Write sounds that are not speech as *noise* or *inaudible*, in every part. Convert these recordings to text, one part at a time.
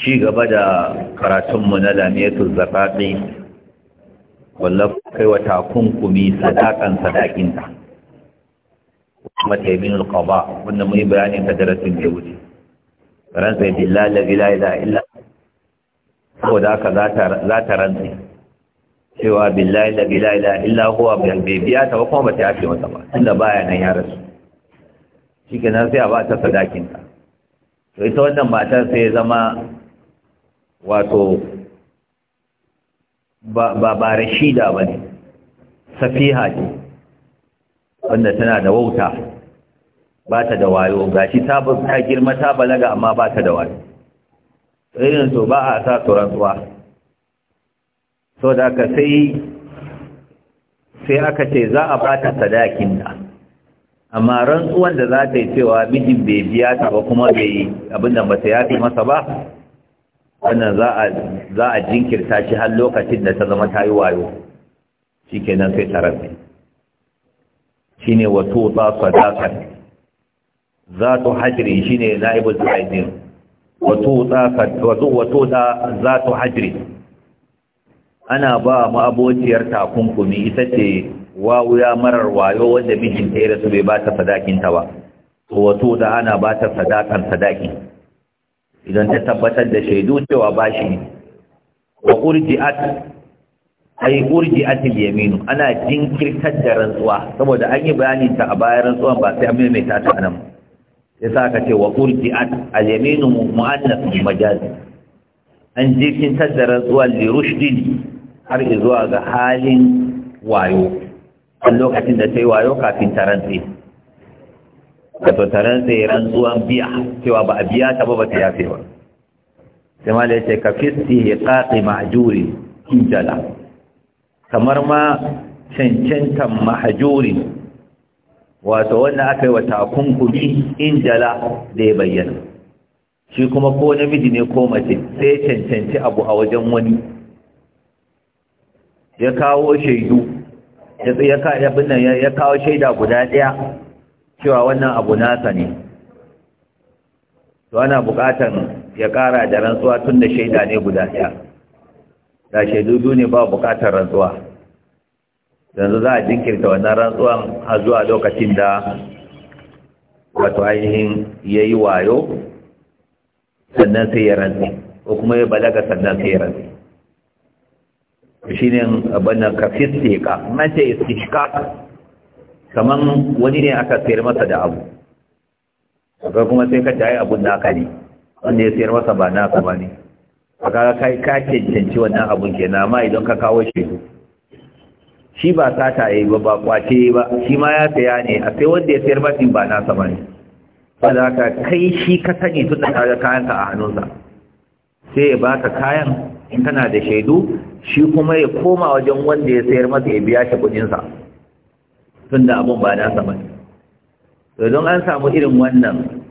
ci gaba da karatunmu na lamiyatul zakaɗi wallafa kai wa takunkumi sadakan sadakinta kuma taiminul qaba wannan mun bayanin ta darasin da wuce ransa ya billah la ilaha illa da haka za ta rantsa cewa billahi la ilaha illa huwa bai biya ta ba kuma ba ta yafe wata ba tunda baya nan ya rasu shikenan sai a ba ta sadakinta to ita wannan matar sai ya zama wato ba ba rashida ba ne safiha ce wanda tana da wauta ba ta da wayo gashi ta girma ta balaga amma ba ta da wayo irin to ba a sa su zuwa. so da aka sai sai aka ce za a ba ta sadakin da amma rantsuwan da za ta yi cewa mijin bai biya ta ba kuma bai abin da ba ta fi masa ba wannan za a jinkirta shi har lokacin da ta zama ta yi wayo shi nan sai ta rabe shi ne wato ta sadakar za ta hajjiri shi ne na'ibul sa'idin wato ta za ta hajjiri ana ba ma'abociyar takunkumi ita ce wawuya marar wayo wanda mijinta ya rasu bai ba ta sadakinta ba wato da ana ba ta sadakan sadaki idan ta tabbatar da shaidu cewa bashi ne wa urji'at ai urji'at al-yaminu ana jinkirtar da rantsuwa saboda an yi bayani ta a bayan rantsuwan ba sai an maimaita ta nan yasa aka ce wa urji'at al yamin mu'annas majaz an jinkirtar da rantsuwa li rushdin har zuwa ga halin wayo a lokacin da ta yi wayo kafin ta rantse. da taron sai rantsuwan biya cewa ba a biya ta ba ba ta yafe ba sai ma da ya ce ka fisti ya tsatsi mahajuri kamar ma cancantan mahajuri wato wanda aka yi wa takunkumi injala da ya bayyana shi kuma ko namiji ne ko mace sai cancanci abu a wajen wani ya kawo shaidu ya kawo shaida guda ɗaya cewa wannan abu nasa ne to ana buƙatar ya ƙara da rantsuwa tun da shaida ne guda ɗaya da shaidu biyu ne ba buƙatar rantsuwa yanzu za a jinkirta wannan rantsuwan har zuwa lokacin da wato ainihin ya yi wayo sannan sai ya rantsi ko kuma ya balaga sannan sai ya rantsi shi ne abin nan ka fiske ka mace iskishka kaman wani ne aka sayar masa da abu akwai kuma sai ka tayi abun naka ne wanda ya sayar masa ba naka ba ne a kaga kai ka cancanci wannan abun ke na ma idan ka kawo shi shi ba sata yayi ba ba kwace ba shi ma ya saya ne a sai wanda ya sayar masa ba nasa ba ne wanda ka kai shi ka sani tun da kaga kayanka a hannunsa sai ya baka kayan in kana da shaidu shi kuma ya koma wajen wanda ya sayar masa ya biya shi kudinsa tun da abun ba nasa ba to don an samu irin wannan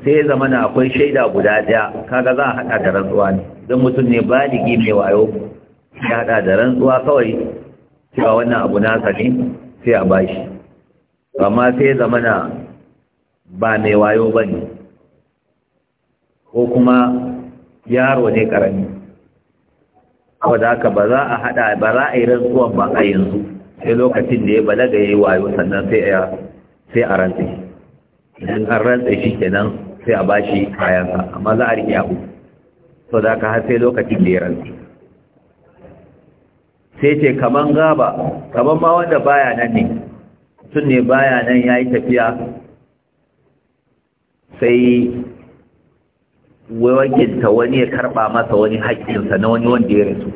sai zama na akwai shaida guda ɗaya kaga za a haɗa da rantsuwa ne don mutum ne baligi mai wayo ya haɗa da rantsuwa kawai cewa wannan abu nasa ne sai a bashi amma sai zama na ba mai wayo ba ne ko kuma yaro ne ƙarami wadda haka ba za a haɗa ba za a yi rantsuwan ba a yanzu sai lokacin da ya balaga ya yi wayo sannan sai a rantse idan an rantsi shi kenan sai a bashi kayansa amma za a riƙe abu so da ka har sai lokacin da ya rantse sai ce kaman gaba kaman ma wanda baya nan ne tun ne baya nan ya yi tafiya sai wawakinta wani ya karɓa masa wani haƙƙinsa na wani wanda ya rasu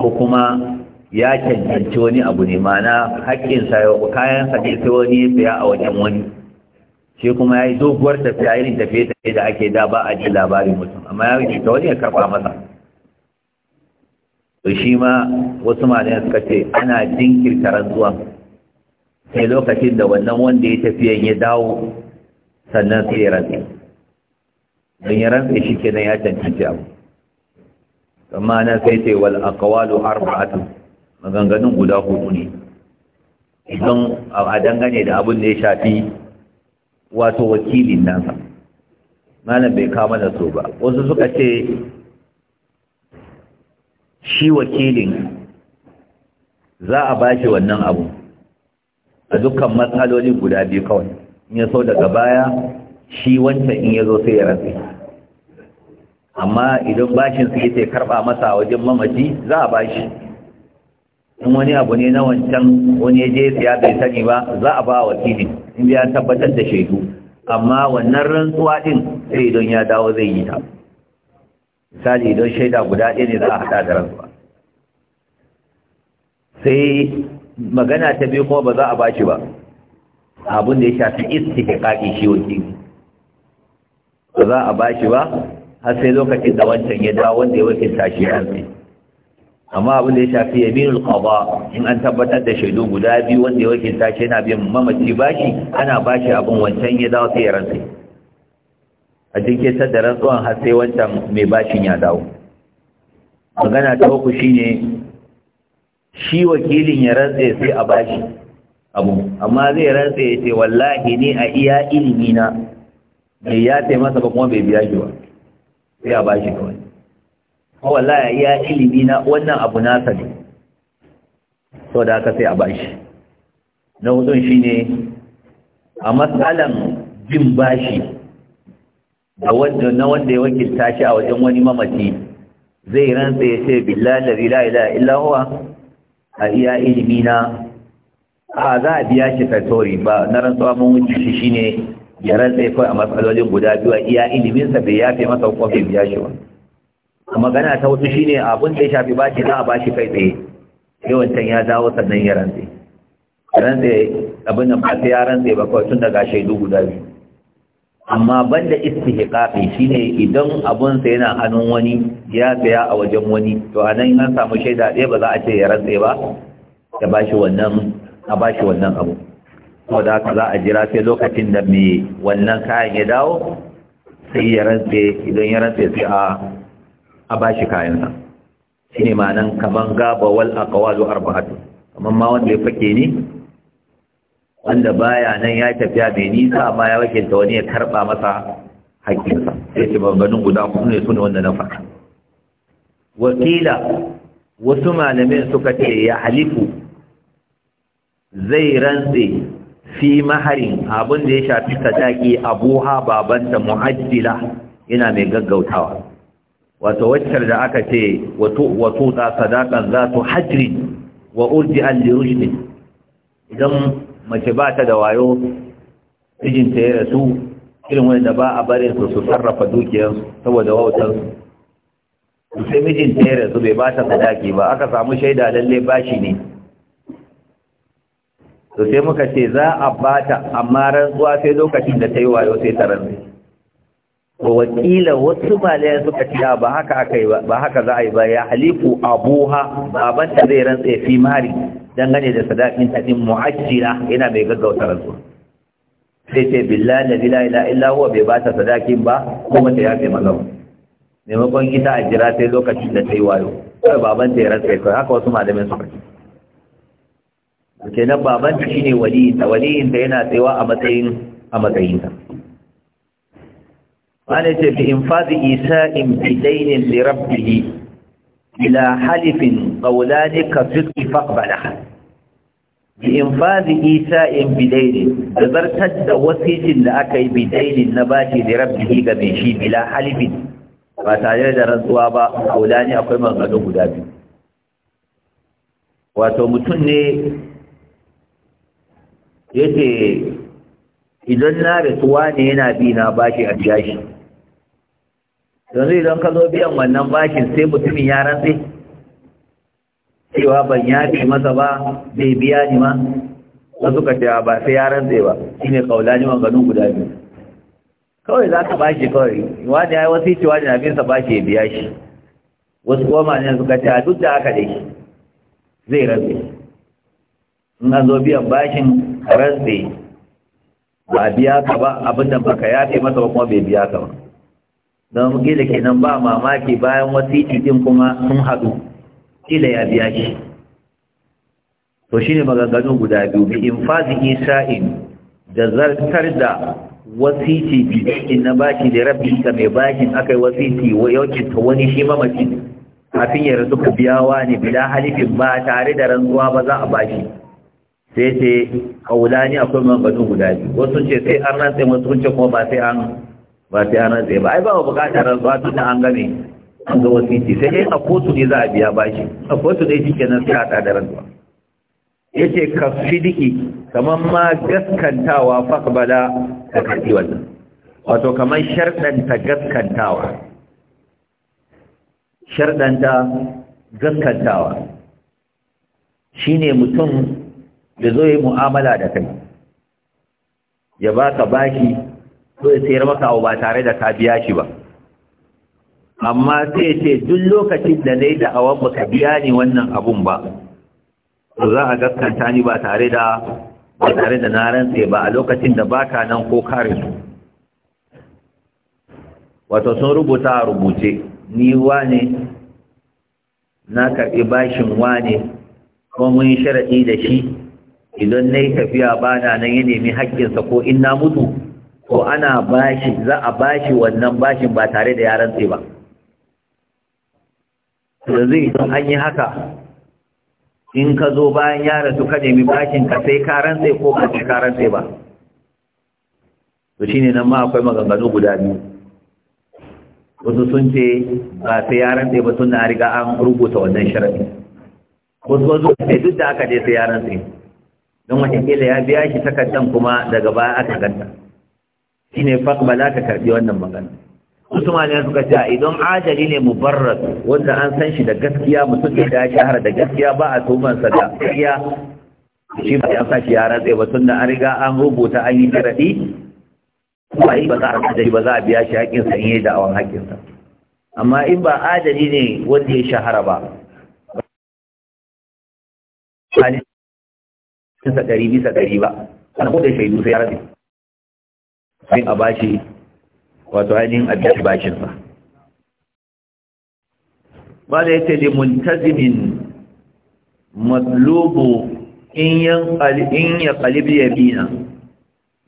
ko kuma ya cancanci wani abu ne mana haƙƙinsa ya kayan sa sai wani saya a wajen wani shi kuma ya yi doguwar tafiya irin tafiye-tafiye da ake da ba a ji labarin mutum amma ya wuce ta wani ya karɓa masa to shi ma wasu malayan suka ce ana jinkirta rantsuwa sai lokacin da wannan wanda ya tafiyan ya dawo sannan sai ya rantsi don ya rantsu shi kenan ya cancanci abu amma nan sai ce wal aqwalu arba'atu maganganun guda hudu ne idan a dangane da abin da ya shafi wato wakilin nasa malam bai kama da so ba wasu suka ce shi wakilin za a bashi wannan abu a dukkan matsaloli guda biyu kawai in ya so daga baya shi wancan in ya zo sai ya rantsi amma idan bashin su ita karba masa wajen mamaci za a bashi in wani abu ne na wancan wani ya je siya bai sani ba za a ba wakilin in ya tabbatar da shaidu amma wannan rantsuwa din sai idan ya dawo zai yi ta misali idan shaida guda ɗaya ne za a haɗa da rantsuwa sai magana ta biyu kuma ba za a ba shi ba abin da ya shafi istihqaqi shi wakili ba za a ba shi ba har sai lokacin da wancan ya dawo wanda ya wakilta shi ya amma abin da ya shafi yaminul qada in an tabbatar da shaidu guda biyu wanda ya wakilta shi yana biyan mamaci bashi ana bashi abin wancan ya dawo sai ya rantsa a cikin da rantsuwan har sai wancan mai bashin ya dawo magana ta uku shine shi wakilin ya rantsa sai a bashi abu amma zai rantsa ya ce wallahi ni a iya ilimi na bai ya taimaka ba kuma bai biya shi ba sai a bashi kawai wallahi ya ilimi na wannan abu nasa ne so da aka sai a bashi na hudun shine a matsalan jin bashi da wanda na wanda ya wakilta shi a wajen wani mamaci zai rantsa ya ce billahi la ilaha illa huwa a iya ilimi na a za a biya shi tattori ba na rantsuwa mun wuce shi shine ya rantsa ya a matsalolin guda biyu a iya iliminsa bai yafe masa hukumar biya shi ba magana ta wasu shine abin da ya shafi bashi za a bashi kai tsaye yawancan ya dawo sannan ya rantse rantse abin da ba ya rantse ba kawai tun daga shaidu guda biyu amma banda istihqaqi shine idan abun sa yana hannun wani ya tsaya a wajen wani to anan an samu shaida ɗaya ba za a ce ya rantse ba ya bashi wannan a bashi wannan abu saboda haka za a jira sai lokacin da mai wannan kayan ya dawo sai ya rantse idan ya rantse sai a a bashi kayansa ne ma'anan kaman gabawal a aqwalu arba'atu Kamar ma wanda ya fake ne wanda baya nan ya tafiya mai nisa amma ya ta wani ya karba masa hakkinsa sai ce guda kuma ne su ne wanda na faɗa wakila wasu malamin suka ce ya halifu zai rantse fi maharin abin da ya shafi sadaki abuha babanta mu'ajjila yana mai gaggautawa wato waccar da aka ce wato ta sadakan za hajiri hajri wa urji an lirushni idan mace ba ta da wayo mijinta ya rasu irin wani da ba a barin su su sarrafa dukiyarsu saboda wautar su. sai mijinta ya rasu bai ba ta sadaki ba aka samu shaida lalle bashi ne to sai muka ce za a bata amma rantsuwa sai lokacin da ta yi wayo sai ta rantsu wa wakila wasu malaya suka ce ba haka aka yi ba haka za a yi ba ya halifu abuha baban ta zai rantsa fi mari dangane da sadakin ta din mu'ajjila yana mai gaggauta rantsuwa sai ce billahi la ilaha illa huwa bai ba ta sadakin ba kuma ta yafe maza ba maimakon ita a jira sai lokacin da ta yi wayo kawai baban ta ya rantsa kai haka wasu malamai suka ce kenan baban ta shine waliyinta waliyinta yana tsayawa a matsayin a matsayinta wani ce bi infazi in fi dainin lirabbihi ila halifin ne ka fiski faqbala bi infazi fi dainin, da zartar da wasijin da aka yi fidainin na bashi lirabbihi ga mai shi ila halifin ba tare da rantsuwa ba ne akwai maganganu guda biyu wato mutum ne yake idan na rasuwa ne yana bi na bashi a biya shi yanzu idan ka zo biyan wannan bashin sai mutumin ya rantse cewa ban ya fi masa ba bai biya ni ma na suka cewa ba sai ya rantse ba shine kaulani maganin guda biyu kawai za ka bashi kawai wani ya yi wasu cewa fi abinsa bashi ya biya shi wasu kuma ne suka cewa duk da haka dai zai rantse in an zo biyan bashin rantse ba biya ka ba abin da baka fi masa ba kuma bai biya ka ba don muke da kenan ba mamaki bayan wasiti din kuma sun haɗu kila ya biya shi to shi ne maganganu guda biyu bi in fazi isa'in da zartar da wasiti in na baki da rabbin ka mai bakin akai wasiti wa yaukin ta wani shi mamaci kafin ya rasu ku biyawa ne bila halifin ba tare da rantsuwa ba za a bashi sai sai ce ne akwai maganganu guda biyu wasu ce sai an rantsa wasu ce kuma ba sai an ba sai an tsaye ba ai ba bukatar rantsuwa tun da an game an ga wasiti sai dai a kotu ne za a biya bashi a kotu dai shi kenan sai a tsada rantsuwa ya ce ka fidiki kamar ma gaskantawa bada, ka karɓi wannan wato kamar sharɗanta gaskantawa sharɗanta gaskantawa shi ne mutum da zo yi mu'amala da kai ya ba ka bashi so ya sayar maka abu ba tare da ka biya shi ba amma sai ce duk lokacin da na yi da'awar ba ka biya ni wannan abun ba to za a gaskanta ni ba tare da ba tare da na rantse ba a lokacin da baka nan ko kare su wato sun rubuta a rubuce ni wane na karɓi bashin wane kuma mun sharaɗi da shi idan na yi tafiya ba na nan ya nemi haƙƙinsa ko in na mutu ko ana bashi za a bashi wannan bashin ba tare da yaran ba Da zai an yi haka in ka zo bayan yaran su ka nemi bashin ka sai ka rantse ko ka sai ka rantse ba to shine nan ma akwai maganganu guda biyu wasu sun ce ba sai yaran rantse ba suna riga an rubuta wannan sharadi wasu wasu sai duk da aka je sai yaran rantse don wata kila ya biya shi takardan kuma daga baya aka ganta shi ne za ka karɓi wannan magana wasu ma ne suka ce idan ajali ne mubarrat wanda an san shi da gaskiya mutum da ya shahara da gaskiya ba a sa da gaskiya shi ba ya sashi ya ratse ba tun da an riga an rubuta an yi sharaɗi ba yi ba za a ajali ba za a biya shi sa in yi haƙƙin sa amma in ba ajali ne wanda ya shahara ba Ba ne sun sa ɗari bisa ɗari ba an kuma da shaidu sai ya ratsa bin a bashi wato ainihin addashi bashin ba ba. da yake da muntazimin matlubu in ya kalibi ya bina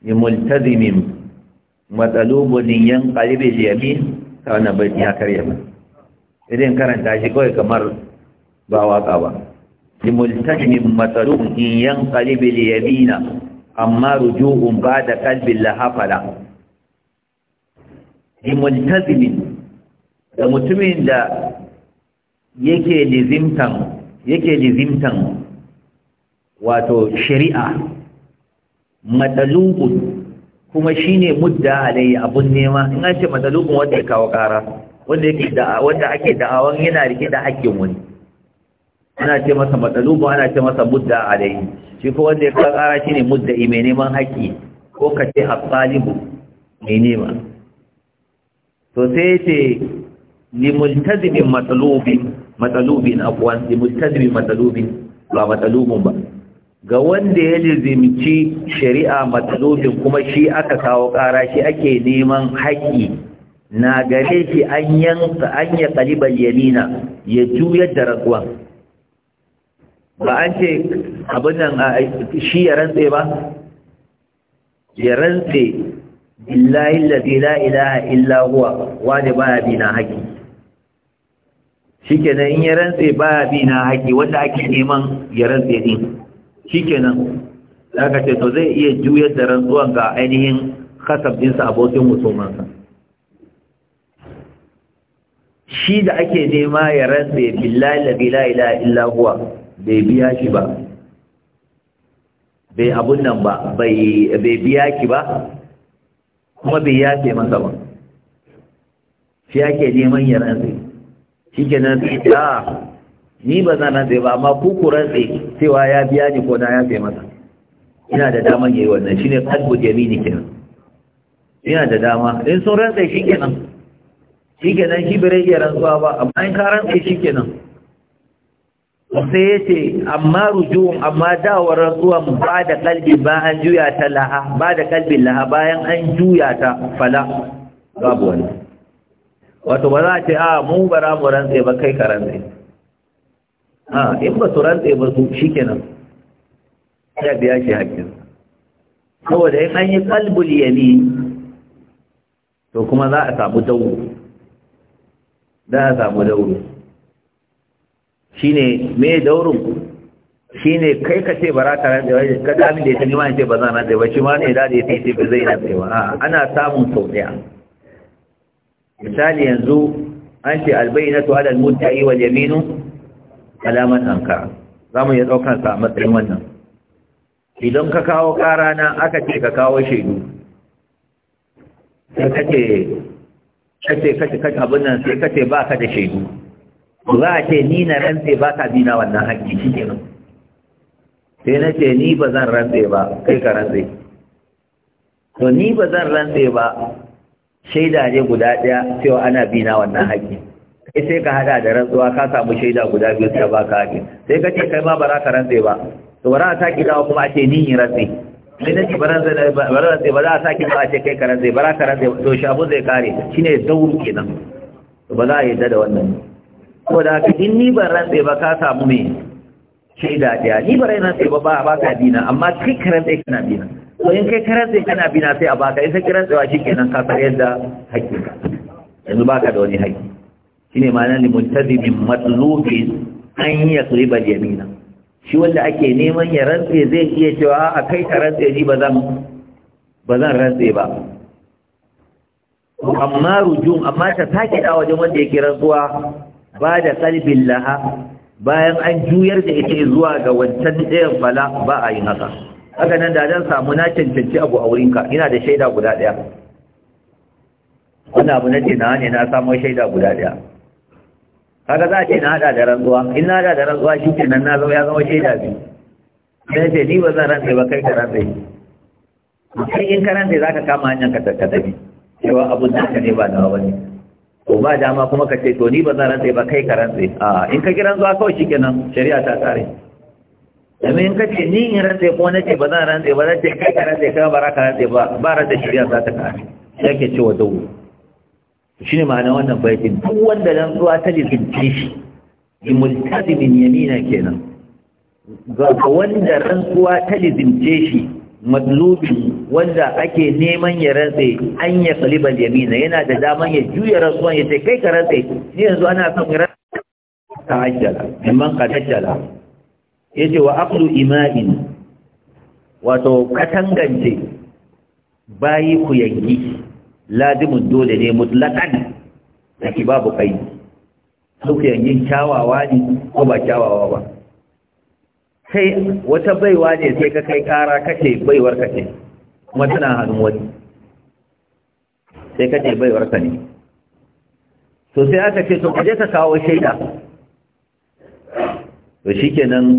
da muntazimin matsalubulin ya kalibi ya bina ta wani bai ya karya ba idan karanta shi kawai kamar ba waka ba da muntazimin matsalubun in yan kalibi ya bina amma ruju'un bada da kalbin lahafala imultazimin da mutumin da yake lizimtan yake lizimtan wato shari'a matsalubun kuma shine mudda alayhi abun nema in an ce matsalubun wanda ya kawo kara wanda yake da wanda ake da'awan yana rike da haƙƙin wani ana ce masa ba ana ce masa mudda dai shi ko wanda ya kara shi ne mudda mai neman haƙƙi ko ka ce tsalibu mai nema to sai ya ce limultazimin matsalubin matsalubin abuwan limultazimin matsalubin ba matsalubin ba ga wanda ya lizimci shari'a matsalubin kuma shi aka kawo ƙara shi ake neman haƙƙi na gare shi an yanka an ya ƙalibar yamina ya juyar da rantsuwan ba an ce abin nan shi ya rantse ba ya rantse billahi alladhi la ilaha illa huwa wani baya bi na haƙi shikenan in ya rantse baya bi na haƙi wanda ake neman ya rantse din shikenan zaka ce to zai iya juyar da rantsuwan ga ainihin khasab dinsa abokin musulmansa shi da ake nema ya rantse billahi alladhi la ilaha illa huwa bai biya shi ba bai abun nan ba bai biya ki ba kuma bai yafe masa ba shi ake neman ya rantse shi ke nan sai ta ah, ni ba zan rantse ba amma ku ku rantse cewa ya biya ni ko na yafe masa ina da daman yayi wannan shine qalbu yamini kenan ina da dama in sun rantse shi kenan shi kenan shi bai rage rantsuwa ba amma in ka rantse shi kenan sai ya ce amma rujuwun amma dawar rantsuwan ba da kalbi ba an juya ta laha ba da kalbin laha bayan an juya ta fala babu wani wato ba za a ce a mu bara mu rantse ba kai ka rantse a in ba su rantse ba su shi kenan ya biya shi hakkin. saboda in an yi kalbul yami to kuma za a samu dauro za a samu dauro shine me daurin Shi shine kai ka ce bara ta rantsewa ka da abin da ya nima ce ba zan rantsa ba shi ma ne da ita, ce ba zai rantsewa ba a'a ana samun sau daya misali yanzu an ce albai na albayyinatu ala yi wa yaminu alamar man za mu ya ɗaukar sa a matsayin wannan idan ka kawo ƙara na aka ce ka kawo shaidu sai kace kace kace abin nan sai kace ba ka da shaidu ba za a ce ni na rantse ba ka bi na wannan haƙƙi shi nan. sai na ce ni ba zan rantse ba kai ka rantse to ni ba zan rantse ba shaida ne guda ɗaya cewa ana bi na wannan haƙƙi kai sai ka hada da rantsuwa ka samu shaida guda biyu sai ba ka haƙƙi sai ka ce kai ma ba za ka rantse ba to ba za a saki dawo kuma a ce ni in rantse sai na ce ba rantse ba za a saki ba a ce kai ka rantse ba za ka rantse to shabu zai kare shine dauru kenan to ba za a yarda da wannan ko da haka in ni ban rantse ba ka samu me shaida daya ni ba rantse ba ba ba ka dina, amma kai ka rantse kana dina. ko in kai ka rantse kana dina sai a baka in sai ka shi kenan ka san yadda hakika yanzu baka da wani haƙƙi shine ma'anar min matlubin an yi yasriba yamina shi wanda ake neman ya rantse zai iya cewa a kai ka rantse ni ba zan rantse ba amma rujum amma ta take da wajen wanda yake rantsuwa ba da kalbin laha bayan an juyar da ita zuwa ga wancan ɗayan fala ba a yin haka haka nan da zan samu na cancanci abu a wurinka ina da shaida guda ɗaya wanda abu na ce na ne na samu shaida guda ɗaya haka za a ce na haɗa da rantsuwa in na haɗa da rantsuwa shi ke nan na zama ya zama shaida biyu sai ce ni ba zan rantsa ba kai ka rantsa kai in ka rantsa za ka kama hanyar ka bi? cewa abun naka ne ba nawa ba ne ko ba dama kuma ka ce to ni ba zan rantse ba kai ka rantse a in ka kiran zuwa kawai kenan shari'a ta kare domin in ka ce ni in rantse ko na ce ba zan rantse ba zan ce kai ka rantse kai ba ka rantse ba ba rantse shari'a za ta kare yake cewa dawo shi ne ma'ana wannan baitin duk wanda rantsuwa ta lizince shi imultazimin yamina kenan ga wanda rantsuwa ta lizince shi matlubi wanda ake neman ya rantse an ya saliban yamina yana da daman ya juya rantsuwan ya ce kai ka rantse ni yanzu ana son rantse ta hajjala imman ka tajjala ya ce wa aqlu imanin wato katangance bayi ku yangi lazimin dole ne mutlaqan da babu kai su yangi kyawawa ne ko ba kyawawa ba kai wata baiwa ne sai ka kai kara kashe baiwar ka kuma tana hannun wani sai kace baiwar ka ne to sai aka ce to kaje ka kawo shaida to shikenan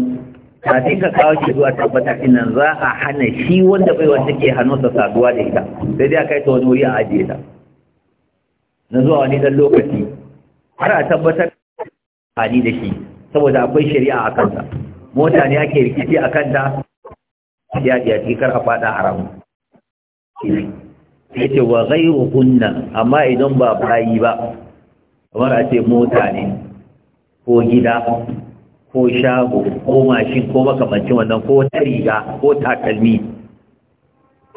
kafin ka kawo shi zuwa tabbata inan za a hana shi wanda ke take hannunsa saduwa da ita sai dai aka yi ta wani wuri a ajiye ta na zuwa wani dan lokaci har a tabbatar da shi saboda akwai shari'a a kansa mota ne ake rikici a kanta ya ya kar a fada haram ce, wa hunna amma idan ba bayi ba kamar a ce mota ne ko gida ko shago ko mashin ko makamancin wannan ko tariga ko takalmi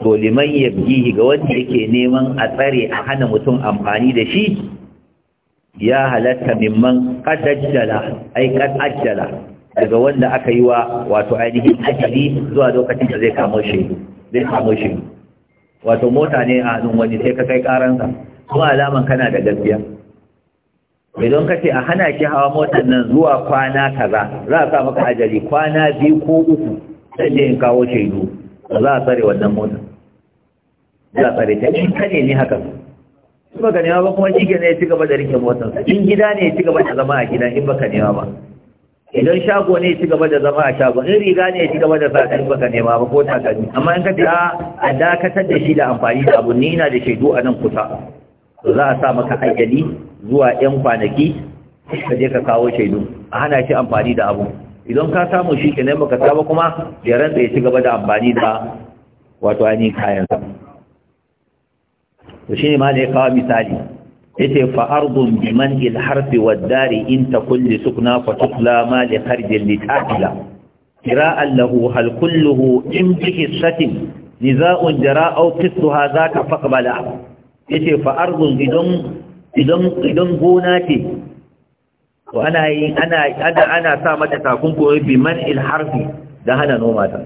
to liman yabgihi ga wanda yake neman a tsare a hana mutum amfani da shi ya halatta mimman qad ay daga wanda aka yi wa wato ainihin ajali zuwa lokacin da zai kamo shi zai kamo shi wato mota ne a nan wani sai ka kai karansa ko alaman kana da gaskiya idan ka ce a hana shi hawa motar nan zuwa kwana kaza za a sa maka ajali kwana biyu ko uku sai ne in kawo shaidu ba za a tsare wannan motar za a tsare ta in kane ne haka in baka nema ba kuma shi ne ya ci gaba da rike motar? in gida ne ya ci gaba da zama a gida in baka nema ba idan shago ne ci gaba da zama a shago in riga ne ci gaba da zaɗin baka nema ba ko takalmi amma in ka ta a dakatar da shi da amfani da abu ni da shaidu a nan kusa to za a sa maka ajali zuwa yan kwanaki ka je ka kawo shaidu a hana shi amfani da abu idan ka samu shi nema baka saba kuma ya rantsa ya ci gaba da amfani da wato ainihin kayan sa to ne ma ne ya kawo misali yace fa ardun bi man il harfi wad dari in takul li sukna fa tutla ma li kharjin li ta'ila qira'an lahu hal kulluhu in bi qissatin niza'un jara aw qissuha zaka faqbala yace fa ardun idan idan idan gona ce to ana yi ana ana ana sa mata takunkumi bi man il harfi da hana noma ta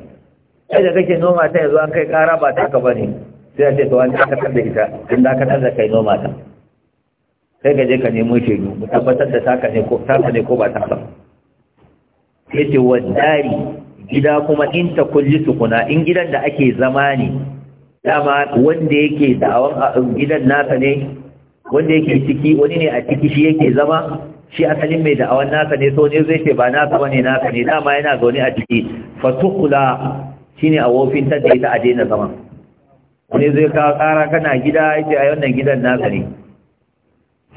sai da kake noma ta yanzu an kai kara ba ta ka bane sai a ce to an dakatar da ita an dakatar da kai noma ta kai gaje ka nemo shaidu mu tabbatar da taka ne ko taka ne ko ba taka sai ce wadari gida kuma in ta kulli tukuna in gidan da ake zama ne dama wanda yake da'awan gidan nasa ne wanda yake ciki wani ne a ciki shi yake zama shi asalin mai da'awan nasa ne so ne zai ce ba nasa bane nasa ne dama yana zaune a ciki fatukula shine a wofin ta da ita a daina zama wani zai kawo kara kana gida yace a wannan gidan nasa ne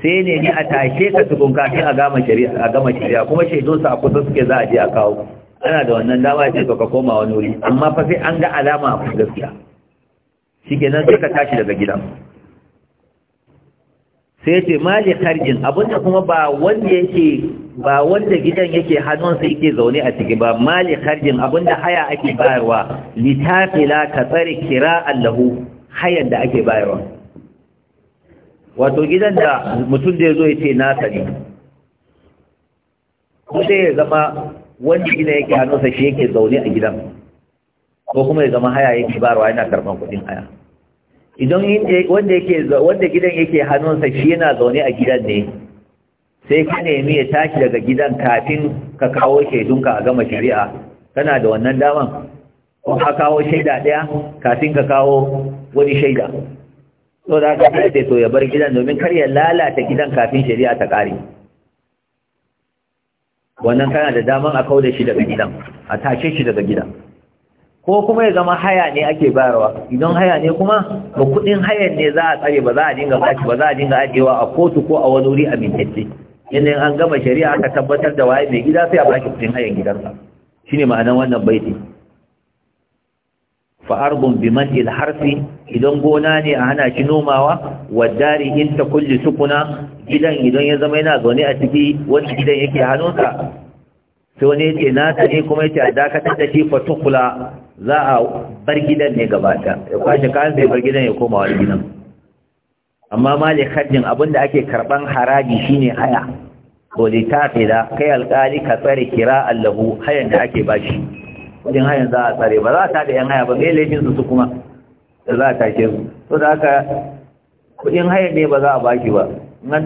sai ne ni a tashe ka tukun kafin a gama shari'a a gama shari'a kuma shaidu su a kusa suke za a je a kawo ana da wannan dama ce ka koma wani wuri amma fa sai an ga alama a gaskiya shikenan sai ka tashi daga gidan sai ce mali harjin abinda kuma ba wanda yake ba wanda gidan yake hannun hannunsa yake zaune a ciki ba mali harjin abinda haya ake bayarwa litafila ka tsare kira allahu hayan da ake bayarwa wato gidan da mutum da ya zo ya ce nasa ne ko sai ya zama wanda gina yake hannunsa shi yake zaune a gidan ko kuma ya zama haya yake barwa yana karɓar kuɗin haya idan wanda wanda gidan yake hannunsa shi yana zaune a gidan ne sai ka nemi ya tashi daga gidan kafin ka kawo shaidunka a gama shari'a kana da wannan daman ko ka kawo shaida ɗaya kafin ka kawo wani shaida so da aka haife to ya bar gidan domin kar ya lalata gidan kafin shari'a ta kare wannan kana da daman a kauda shi daga gidan a tashe shi daga gidan ko kuma ya zama haya ne ake bayarwa idan haya ne kuma ba kudin hayan ne za a tsare ba za a dinga baki ba za a dinga ajewa a kotu ko a wani wuri a amintacce yanayin an gama shari'a aka tabbatar da waye mai gida sai a baki kudin hayan gidansa ne ma'anar wannan baiti fa'arbun bi man harfi idan gona ne a hana shi nomawa wadari in ta kulle sukuna gidan idan ya zama yana zaune a ciki wani gidan yake hannunsa sai wani yake na ne kuma yake a dakatar da shi fatukula za a bar gidan ne gabata ya kwashe kayan sai bar gidan ya koma wani gidan amma mali hajjin da ake karban haraji shine haya ko da kai alkali ka tsare kira allahu hayan da ake bashi wajen hayan za a tsare ba za a tada yan haya ba mai laifin su su kuma da za a tashe su to da haka kudin hayan ne ba za a baki ba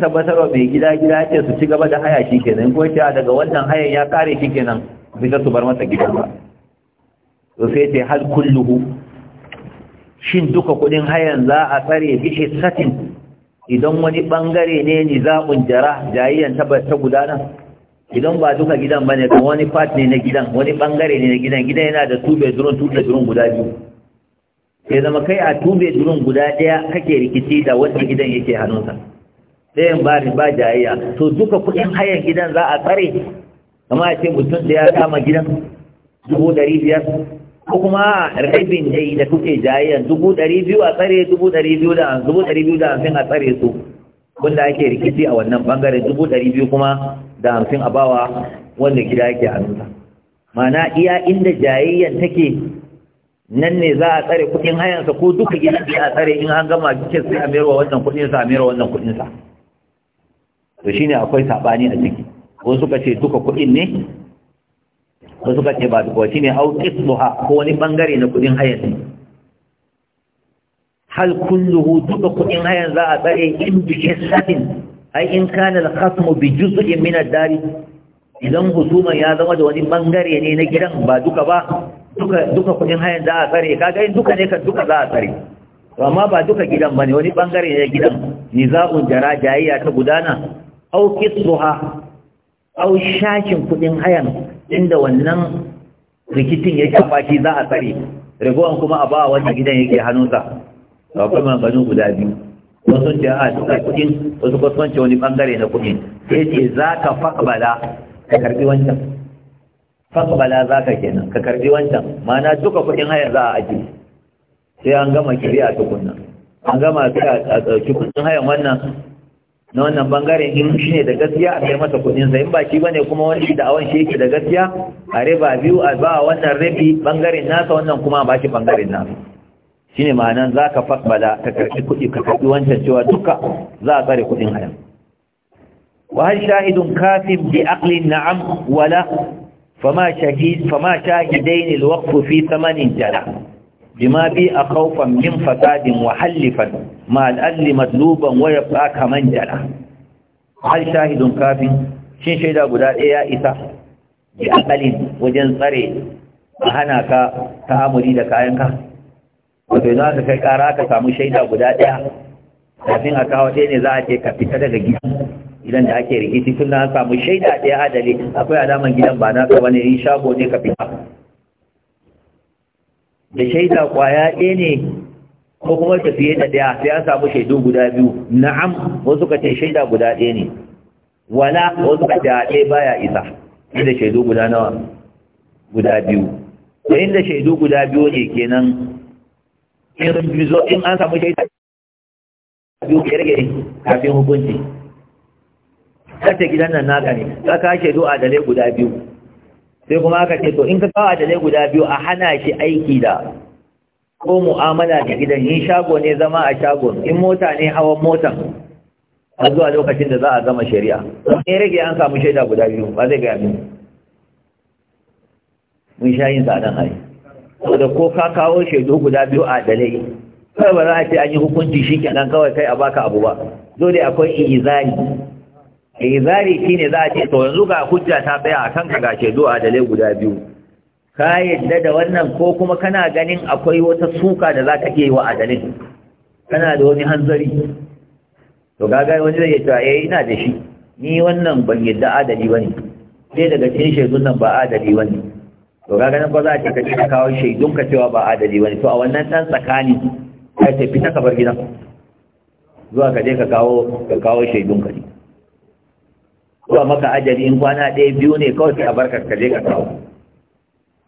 tabbatar wa mai gida gida ce su ci gaba da haya shi kenan ko ce daga wannan hayan ya kare shi kenan bisa su bar masa gida ba to sai ce hal kulluhu shin duka kudin hayan za a tsare bishe satin idan wani bangare ne ni zaɓun jara jayayyan ta gudana idan ba duka gidan ba ne kan wani part ne na gidan wani bangare ne na gidan gidan yana da two bedroom two bedroom guda biyu sai zama kai a two bedroom guda daya kake rikici da wanda gidan yake hannunsa ɗayan ba ba jayayya to duka kuɗin hayan gidan za a tsare kama a ce mutum da ya kama gidan dubu ɗari biyar ko kuma rabin yi da kuke jayayyan dubu ɗari biyu a tsare dubu ɗari biyu da dubu ɗari biyu da hamsin a tsare su wanda ake rikici a wannan bangare dubu ɗari biyu kuma da hamsin a bawa wanda gida yake hannunsa mana iya inda jayayyan take nan ne za a tsare kuɗin hayansa ko duka gidan da a tsare in an gama cikin sai a mayarwa wannan kuɗinsa a mayarwa wannan kuɗinsa to shine akwai saɓani a ciki ko suka ce duka kuɗin ne ko suka ce ba duka shine au qismuha ko wani bangare na kuɗin hayan ne hal kulluhu duka kuɗin hayan za a tsare in bi kisatin ai in kana al-khasmu bi juz'in min ad dari idan husuma ya zama da wani bangare ne na gidan ba duka ba duka duka kudin hayan da a tsare kaga in duka ne ka duka za a tsare amma ba duka gidan bane wani bangare ne gidan niza'un jara jayayya ta gudana au qisruha au shakin kudin hayan inda wannan rikitin ya shafa shi za a tsare ragowan kuma a ba wani gidan yake hannunsa to kuma maganganu guda biyu wasu ce a ah, duka kudin wasu kwasance wani bangare na kudin sai ce za ka faƙbala ka karbi wancan faƙbala za ka kenan ka karbi wancan mana duka kudin haya za a aji sai an gama kiri a tukunan an gama sai a ɗauki kudin hayan wannan na wannan bangaren in shi ne da gaskiya a kai masa sa. in ba shi ba ne kuma wani da awon shi yake da gaskiya a riba biyu a ba wannan rabi bangaren nasa wannan kuma ba shi bangaren nasa shine ma'anan zaka fasbala ka karbi kudi ka karbi wancan cewa duka za a tsare kudin haram wa hal shahidun kafin bi aqlin na'am wala fama shahid fama shahidain alwaqf fi thamanin jala بما بي أخوفا من فساد وحلفا مع الأل مطلوبا ويبقى كمن جلا هل شاهد كاف شين شيدا قدار إيا إسا بأقل وجن صري ka تأمري لك آيانك wato za ka kai kara ka samu shaida guda ɗaya kafin a kawo ɗaya ne za a ce ka fita daga gida idan da ake rikici tun da an samu shaida ɗaya adali akwai alaman gidan ba na ka in shago ne ka fita da shaida kwaya ɗaya ne ko kuma tafiye da ɗaya sai an samu shaidu guda biyu na'am wasu ka ce shaida guda ɗaya ne wala wasu ka ce a ɗaya baya isa da shaidu guda nawa guda biyu da inda shaidu guda biyu ne kenan in sun bizo in an samu shaida biyu ke rage kafin hukunci kace gidan nan naka ne ka ka shaidu a dalai guda biyu sai kuma aka ce to in ka kawo a dalai guda biyu a hana shi aiki da ko mu'amala da gidan in shago ne zama a shagon in mota ne hawan motan a zuwa lokacin da za a zama shari'a in rage an samu shaida guda biyu ba zai gaya min mun sha yin sa nan hari da ko ka kawo shaidu guda biyu a dalai kai ba za a ce an yi hukunci shi kenan kawai kai a baka abu ba dole akwai izari izari shine za a ce to yanzu ga hujja ta tsaya a kanka ga shaidu a dalai guda biyu ka yadda da wannan ko kuma kana ganin akwai wata suka da za ka iya yi wa adalin kana da wani hanzari to gaga wani zai ta eh ina da shi ni wannan ban yadda adali bane sai daga cikin shaidun nan ba adali bane to ga ganin ba za a ce ka kawo shaidun ka cewa ba adali bane to a wannan dan tsakani kai ta fita ka bar gidan zuwa ka je ka kawo ka kawo shaidun ka ne zuwa maka ajali in kwana ɗaya biyu ne kawai sai a barka ka je ka kawo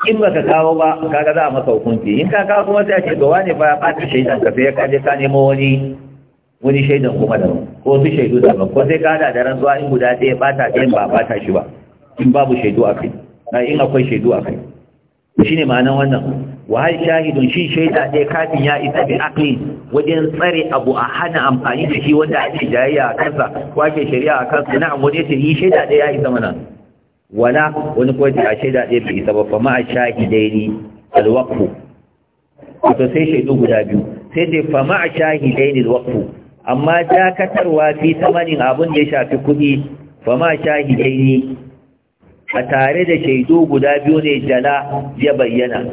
in ba ka kawo ba kaga za a maka hukunci in ka kawo kuma sai a ce gawa ne ba ya ɓata shaidan ka sai ka je ka nemo wani wani shaidan kuma da ko su shaidu ba ko sai ka hada da rantsuwa in guda ɗaya ɓata ɗayan ba ɓata shi ba in babu shaidu a kai in akwai shaidu a kai ne ma'anar wannan wahal shahidun shi shaida ɗaya kafin ya isa bi akli wajen tsare abu a hana amfani da shi wanda ake jayayya a kansa ko ake shari'a a kansa na amma ne yi shaida ɗaya ya isa mana wala wani ko a shaida ɗaya bai isa ba fa ma shahidaini alwaqfu to sai shaidu guda biyu sai dai fa ma shahidaini alwaqfu amma dakatarwa fi samanin abun da ya shafi kuɗi fa ma shahidaini a tare da shaidu guda biyu ne jala ya bayyana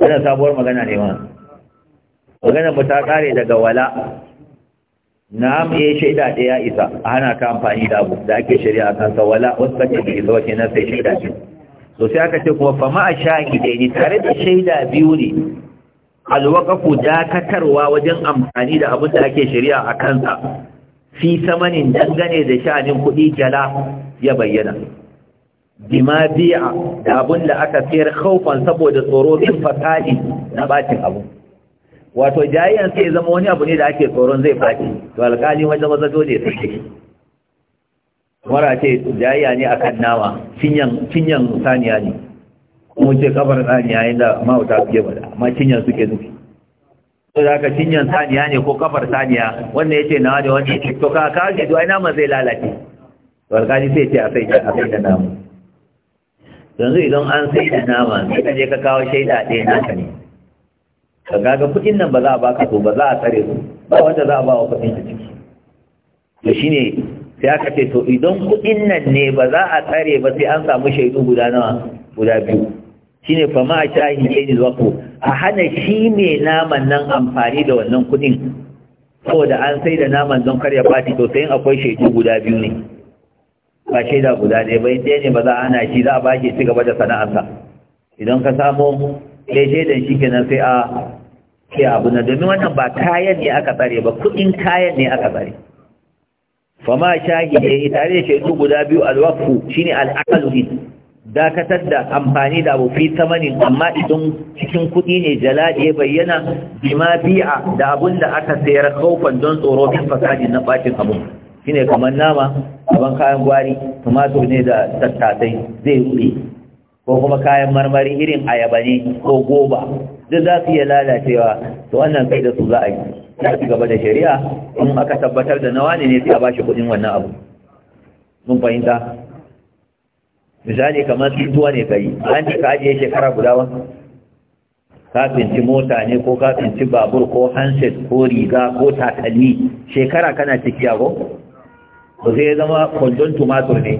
wannan sabuwar magana ne ma magana mu ta kare daga wala Na mu ya shaida ɗaya isa ana ta amfani da abu da ake shari'a a kansa wala wasu kace da isa wake nan sai shaida ce to sai aka ce kuma fama a gida ne tare da shaida biyu ne ku dakatarwa wajen amfani da abin da ake shari'a a kansa fi samanin dangane da sha'anin kuɗi jala ya bayyana bima biya da abun da aka sayar kaufan saboda tsoro bin fasadi na bacin abu wato jayiyan sai zama wani abu ne da ake tsoron zai faci to alƙali wanda maza dole sai ke wara ce jayiya ne akan nawa cinyan cinyan saniya ne kuma ce kafar saniya inda su suke bada amma cinyan suke nufi to da ka cinyan saniya ne ko kafar saniya wanda yace nawa ne wanda yace to ka ka ji duk ai naman zai lalace to alƙali sai ce a sai a sai da namu yanzu idan an sai da nama sai ka je ka kawo shaida ɗaya naka ne ka gaga kuɗin nan ba za a baka to ba za a tsare su ba wanda za a ba wa kuɗin ka ciki to shi ne sai aka ce to idan kuɗin nan ne ba za a tsare ba sai an samu shaidu guda nawa guda biyu Shi ne fa a shahin yayin waqo a hana shi mai naman nan amfani da wannan kuɗin saboda an sai da naman don kar ya ɓaci to sai akwai shaidu guda biyu ne ba shaida guda ne ba ɗaya ne ba za a hana shi za a ba shi ci gaba da sana'arsa idan ka samu ɗaya shaidan shi kenan sai a ke abu na domin wannan ba kayan ne aka tsare ba kuɗin kayan ne aka tsare shahi shahide tare da shaidu guda biyu alwafu shine al'aqalu din dakatar da amfani da abu fi tamanin amma idan cikin kuɗi ne jala'i ya bayyana bima bi'a da abun da aka sayar kaufan don tsoro fi fasadin na bakin abu ne kamar nama kaman kayan gwari tumatur ne da tattasai zai ruɗe ko kuma kayan marmari irin ayaba ne ko goba duk za su iya lalacewa to wannan kai da su za a yi ya ci gaba da shari'a in aka tabbatar da nawa ne ne sai a bashi kuɗin wannan abu mun fahimta misali kamar tsuntuwa ne kai an ce ka ajiye shekara guda wa kafinci mota ne ko kafinci babur ko handset ko riga ko takalmi shekara kana ciki ko? ko sai ya zama kwandon tumatur ne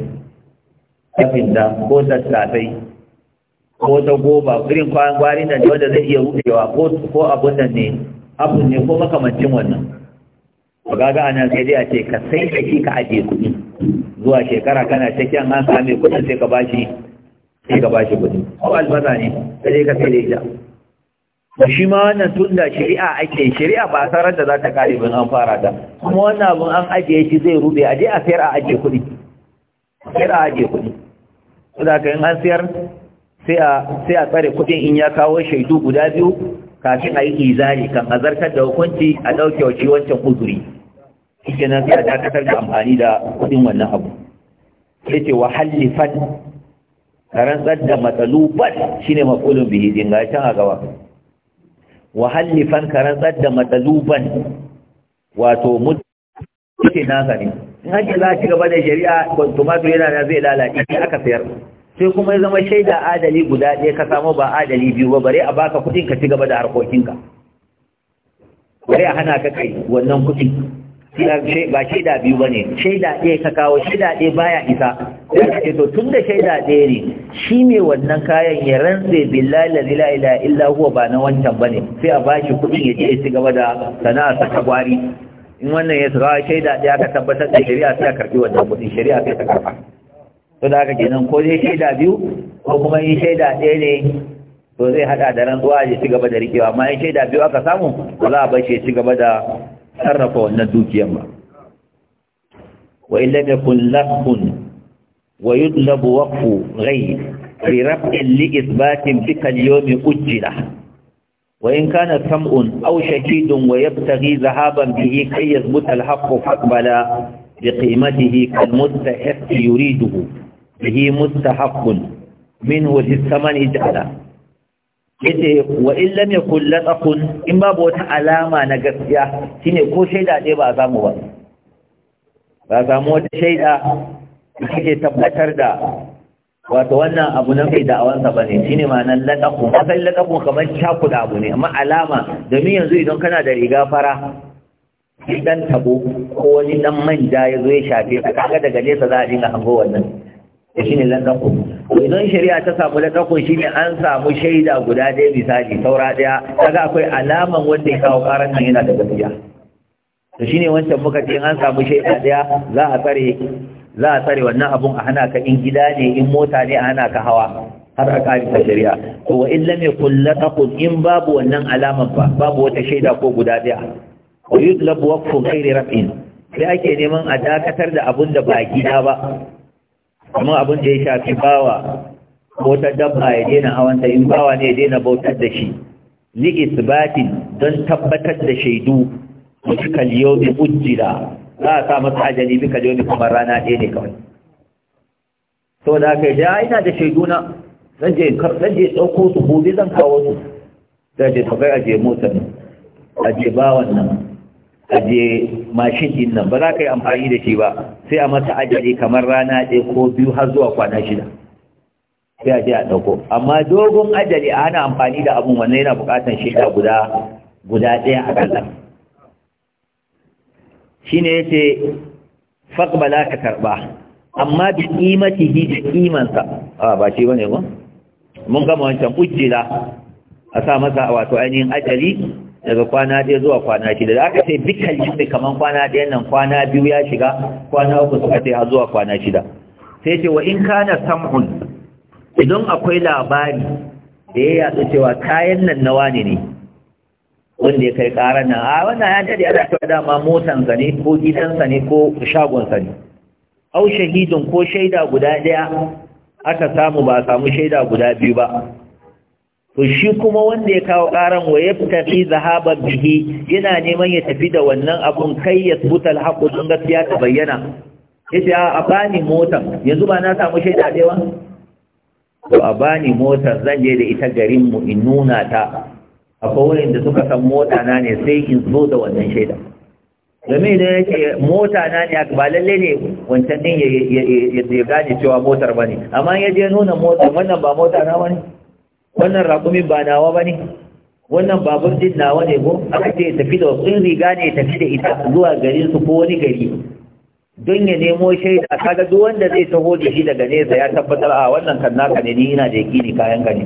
kafin da ko tafai ko ta goba irin kwayan gwari nan ne wanda zai iya rufewa ko abun nan ne abun ne ko makamancin wannan ba ga ana sai dai a ce ka sai da shi ka ajiye kuɗi zuwa shekara kana cikin an same kuɗin sai ka bashi sai ka bashi kuɗi ko albasa ne sai ka sai da ita shi ma wannan tun da shari'a ake shari'a ba sarar da za ta kare bin an fara ta kuma wannan abin an ajiye shi zai rube je a sayar a ajiye kuɗi sayar a ajiye kuɗi da ka yi an sayar sai a tsare kuɗin in ya kawo shaidu guda biyu kafin a yi izari kan azartar da hukunci a ɗauke wa wancan kuduri shi nan sai a dakatar da amfani da kuɗin wannan abu sai ce wa hallifan rantsar da matsalubat shine maqulun bihi dinga can a gaba wa hallifan ka rantsar da matsaluban wato mutane nasa in hajji za a ci gaba da shari'a tumatur yana da zai lalace shi aka sayar sai kuma ya zama shaida adali guda ɗaya ka samu ba adali biyu ba bare a baka kuɗin ka ci gaba da harkokinka bare a hana ka kai wannan kuɗin ba shaida biyu ba ne shaida ɗaya ka kawo shaida ɗaya baya isa ya ce to tun da shaida ɗaya ne shi mai wannan kayan ya rantse billahi la ilaha illa illa huwa ba na wancan ba ne sai a bashi kuɗin ya je ya ci gaba da sana'a ta gwari in wannan ya tsara shaida ɗaya ka tabbatar da shari'a sai a karɓi wannan kuɗin shari'a sai ta karɓa to da haka kenan ko dai shaida biyu ko kuma yin shaida ɗaya ne to zai haɗa da rantsuwa ya ci gaba da riƙewa amma in shaida biyu aka samu ba za a bar shi ya ci gaba da sarrafa wannan dukiyar ba wa illa yakun wa yudlab waqfu ghayr bi raf'in li ithbatin fi al ujira wa in kana sam'un aw shahidun wa yabtaghi zahaban bihi kay yathbut al-haqqu faqbala bi qimatihi kal mustahiq yuriduhu bihi mustahaqqun minhu fi al-thaman yace wa in lam yakul latqun in babu wata alama na gaskiya shine ko shaida dai ba a samu ba ba samu wata shaida kike tabbatar da wato wannan abu na mai da'awansa bane shine ma'anar lataqun asalin lataqun kamar da abu ne amma alama domin yanzu idan kana da riga fara dan tabo ko wani dan manja ya zo ya shafe ka kaga daga nesa za a dinga hango wannan shi ne lantakun idan shari'a ta samu lantakun shi ne an samu shaida guda ɗaya misali saura ɗaya ga akwai alaman wanda ya kawo karan nan yana da gaskiya to shi ne wancan muka ce an samu shaida ɗaya za a tsare za a tsare wannan abun a hana ka in gida ne in mota ne a hana ka hawa har a ta shari'a to wa in lam yakul lantakun in babu wannan alaman ba babu wata shaida ko guda ɗaya wa yudlabu waqfu Kairi raf'in sai ake neman a dakatar da abun da ba gida ba kuma abin da ya shafi bawa ko ta dabba ya daina hawanta in bawa ne ya daina bautar da shi li isbatin don tabbatar da shaidu da suka bi ujjira za a sa masa ajali bi ka bi kuma rana ɗaya ne kawai to da kai da ina da shaidu na zan je zan je ɗauko su gobe zan kawo su da je to kai aje a aje bawan nan aje mashin din nan ba za ka yi amfani da shi ba sai a masa ajali kamar rana ɗaya ko biyu har zuwa kwana shida sai a je a ɗauko amma dogon ajali a hana amfani da abun wannan yana buƙatar shida guda guda ɗaya a ƙalla shine yace faqbala ka karɓa amma bi hi da ƙimansa a ba shi bane ba mun gama wancan ujjila a sa masa wato ainihin ajali daga kwana ɗaya zuwa kwana shida da aka ce bikan jimbe kaman kwana ɗaya nan kwana biyu ya shiga kwana uku suka ce a zuwa kwana shida sai ce wa in kana sam'un idan akwai labari da ya yatsu cewa kayan nan na wani ne wanda ya kai ƙarar nan a wannan ya daɗe ana cewa dama motansa ne ko gidansa ne ko shagonsa ne au shahidin ko shaida guda ɗaya aka samu ba a samu shaida guda biyu ba to shi kuma wanda ya kawo karan wa ya tafi zahabar bihi yana neman ya tafi da wannan abun kai ya tsubuta alhaqu gaskiya ta bayyana yace a bani motar yanzu ba na samu shaida dai ba to a bani motar zan je da ita garin mu in nuna ta akwai wanda suka san mota na ne sai in zo da wannan shaida domin idan yake mota na ne ba lalle ne wancan din ya gane cewa motar bane amma ya je nuna motar wannan ba mota na bane wannan rakumin ba nawa ba ne wannan babur din nawa ne ko aka ce tafi da wasu riga ne tafi da ita zuwa garin su ko wani gari don ya nemo shaida kaga duk wanda zai taho da shi daga nesa ya tabbatar a wannan kan naka ne ni ina da ne kayan ka ne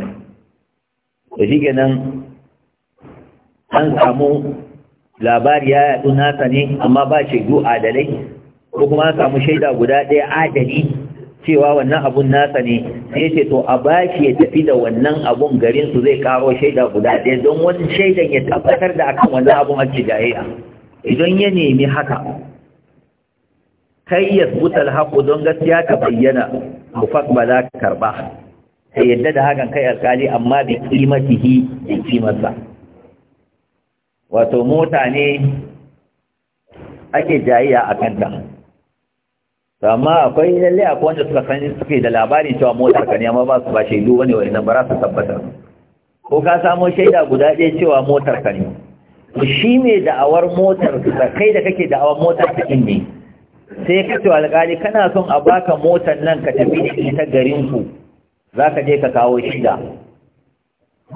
to shi kenan an samu labari ya yaɗu nasa ne amma ba shaidu adalai ko kuma an samu shaida guda ɗaya adali cewa wannan abun nasa ne sai ce to a bashi ya tafi da wannan abun garin su zai karo shaida guda ɗaya don wani shaidan ya tabbatar da akan wannan abun ake jayayya idan ya nemi haka kai ya butal haƙo don gaskiya ka bayyana mufak ba za ka karɓa sai yadda da hakan kai alkali amma bi kimatihi bi kimarsa wato mota ne ake jayayya a kanta amma akwai lalle akwai wanda suka sani suke da labarin cewa motar ka ne amma ba su ba shaidu wani wani nan ba su tabbatar ko ka samo shaida guda ɗaya cewa motar ka ne to shi mai da'awar motar ka kai da kake da'awar motar ka in ne sai ka ce alƙali kana son a baka motar nan ka tafi da ita garin ku Za ka je ka kawo shida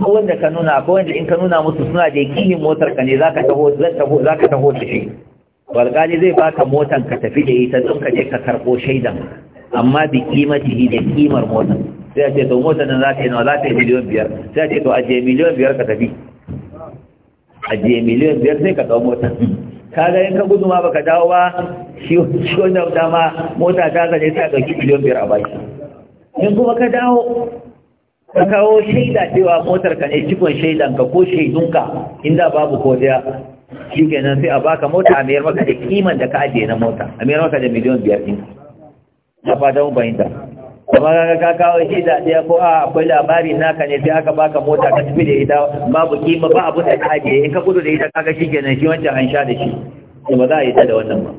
ko wanda ka nuna ko wanda in ka nuna musu suna da kihin motar ka ne za taho taho taho da shi to zai baka motan ka tafi da ita don ka je ka karbo shaidan amma bi kimatihi da kimar motan sai a ce to motan nan za ta yi nawa za ta yi miliyon biyar sai a ce to ajiye miliyon biyar ka tafi ajiye miliyon biyar sai ka ɗau motan ga in ka gudu ma baka dawo ba shi wanda wuta ma mota ta zane a ɗauki miliyon biyar a baki in kuma ka dawo ka kawo shaida cewa motar ka ne cikon shaidanka ko shaidunka inda babu ko daya shi kenan sai a baka mota a mayar maka da kiman da ka ajiye na mota a mayar maka da miliyon biyar ɗin a fata mun fahimta amma ka ka kawo shi da ɗaya ko a akwai labari naka ne sai aka baka mota ka tafi da ita babu kima ba abu da ka ajiye in ka gudu da ita kaga shi kenan shi wancan an sha da shi ba za a yi ta da wannan ba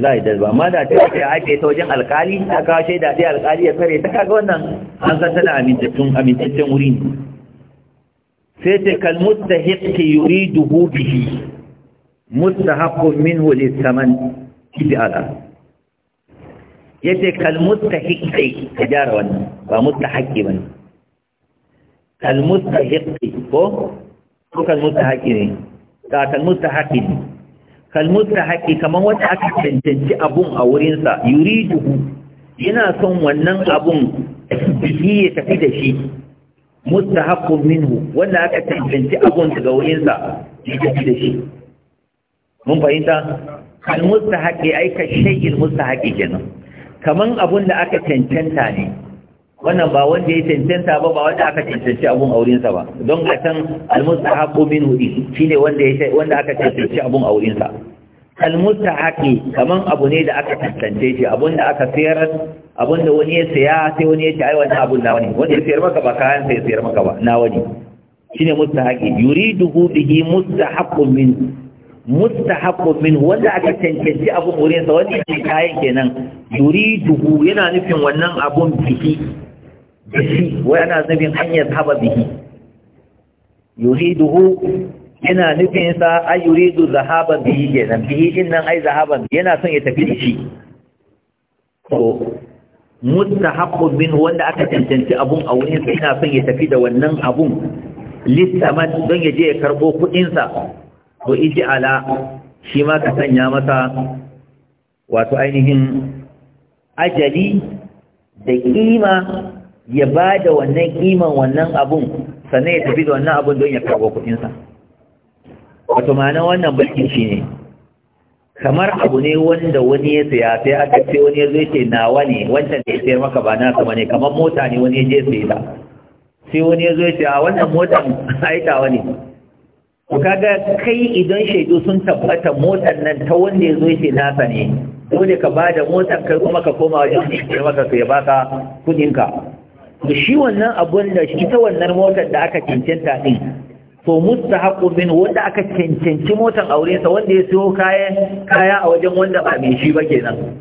za a yi da ba amma da ta ce a ajiye ta wajen alkali ta kawo shaida ɗaya alkali ya kare ta kaga wannan an san tana amintattun amintattun wuri ne sai ce yuri yuriduhu bihi min saman mustahaqqun minhu Ya ce yace kalmustahiq ta jara wannan ba mustahaqqi bane kalmustahiq ko ko kalmustahaqi ne da kalmustahaqi ne kalmustahaqi kamar wanda aka cancanci abun a wurinsa yuri yuriduhu yana son wannan abun bihi ya tafi da shi mustahaqqun minhu wanda aka tantance abun daga ya tafi da shi mun fahimta kenan kaman abun da aka cancanta ne wannan ba wanda ya cancanta ba ba wanda aka cancanci abun auren ba don ka san al mustahaqqu wanda aka cancanci abun auren kaman abu ne da aka cancance shi abun da aka sayar abin da wani ya saya sai wani ya ce ai wannan abun na wani wani ya sayar maka ba kayan sai ya sayar maka ba na ne shine mustahaqi Duhu bihi mustahaqqun min mustahaqqun min wanda aka cancanci abun wurin sa wanda ke kayan kenan Duhu yana nufin wannan abun bihi bihi wai ana nufin hanyar haba bihi Duhu yana nufin sa ay yuridu zahaban bihi kenan bihi din nan ai zahaban yana son ya tafi da shi to Mustahabbin bin wanda aka cancanci abun a wurin sa ina son ya tafi da wannan abun littaman don ya je ya karbo kuɗinsa to iji ala shi ma ka sanya masa wato ainihin ajali da kima ya ba da wannan kiman wannan abun sannan ya tafi da wannan abun don ya karbo kuɗinsa wato ma'ana wannan bakin shi ne kamar abu ne wanda wani ya saya sai aka ce wani ya zo ce nawa ne wancan da ya sayar maka ba ba ne kamar mota ne wani ya je sai ta sai wani ya zo ya ce a wannan motan *laughs* aikawa ne ku kaga kai idan shaidu sun tabbata motan nan ta wanda ya zo ya ce nasa ne dole ka ba da motan kai kuma ka koma wajen ya maka ka ya ka kudinka to shi wannan abun da shi ta wannan motar da aka cancanta din to mustahaqu min wanda aka cancanci motan aure sa wanda ya siyo kaya kaya a wajen wanda ba mai shi ba kenan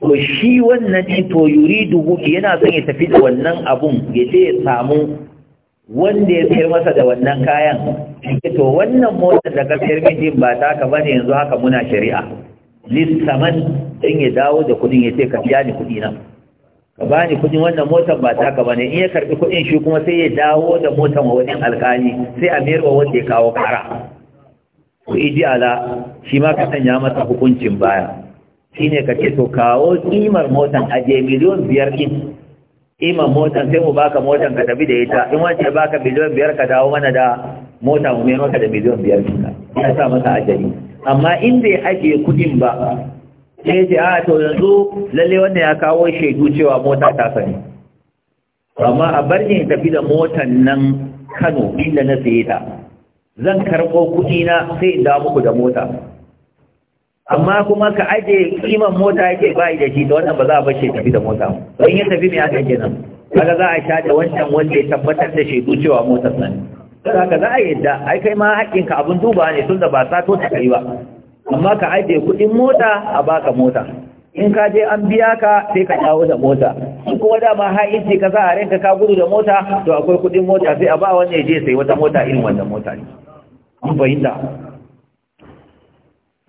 to shi wannan ne to yuridu yana son ya tafi da wannan abun ya je ya samu wanda ya sayar masa da wannan kayan to wannan motar da ka sayar mijin ba ta ka bane yanzu haka muna shari'a lissaman din ya dawo da kudin ya ce ka biya ni kudi nan. ka bani kudin wannan motar ba ta ka bane in ya karbi kudin shi kuma sai ya dawo da motar wa wajen alkali sai a mayar wa wanda ya kawo kara ku idi ala shi ma ka sanya masa hukuncin baya shine ka ce to kawo kimar motar aje miliyon biyar din kimar motar sai mu baka motar ka tafi da ita in wanda ya baka miliyon biyar ka dawo mana da mota mu mai maka da miliyon biyar ɗinka ya sa masa ajali amma in bai ajiye kudin ba sai ce a to yanzu lalle wannan ya kawo shaidu cewa mota ta sani amma a bar ni tafi da motan nan Kano inda na saye ta zan karɓo kuɗi na sai in dawo muku da mota amma kuma ka aje kiman mota yake bai da shi da wannan ba za a bar shi tafi da mota ba in ya tafi mai aka kenan kaga za a shaɗe wancan wanda ya tabbatar da shaidu cewa motar nan kaga za a yadda ai kai ma haƙƙinka abun duba ne tunda ba sato ta kai ba amma ka ajiye kuɗin mota a baka mota in ka je an biya ka sai ka dawo da mota in kuma dama ha'inci ka sa a ranka ka gudu da mota to akwai kuɗin mota sai a ba wanda ya je sai wata mota irin wannan mota ne an fahimta